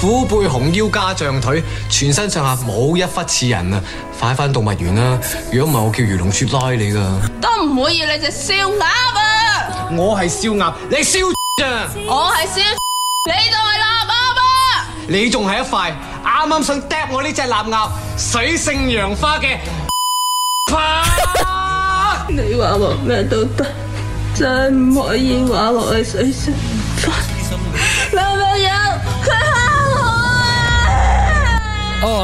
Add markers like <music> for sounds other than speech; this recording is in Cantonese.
虎背熊腰加象腿，全身上下冇一忽似人啊！快返動物園啦！如果唔係我叫魚龍雪拉你噶，都唔可以你隻燒鴨啊！我係燒鴨，你燒 X2 我係燒，你仲係臘鴨啊！你仲係一塊啱啱想嗒我呢隻臘鴨水性楊花嘅 X2 <laughs> 帕， <laughs> 你話我咩都得，真係唔可以話我係水性楊花。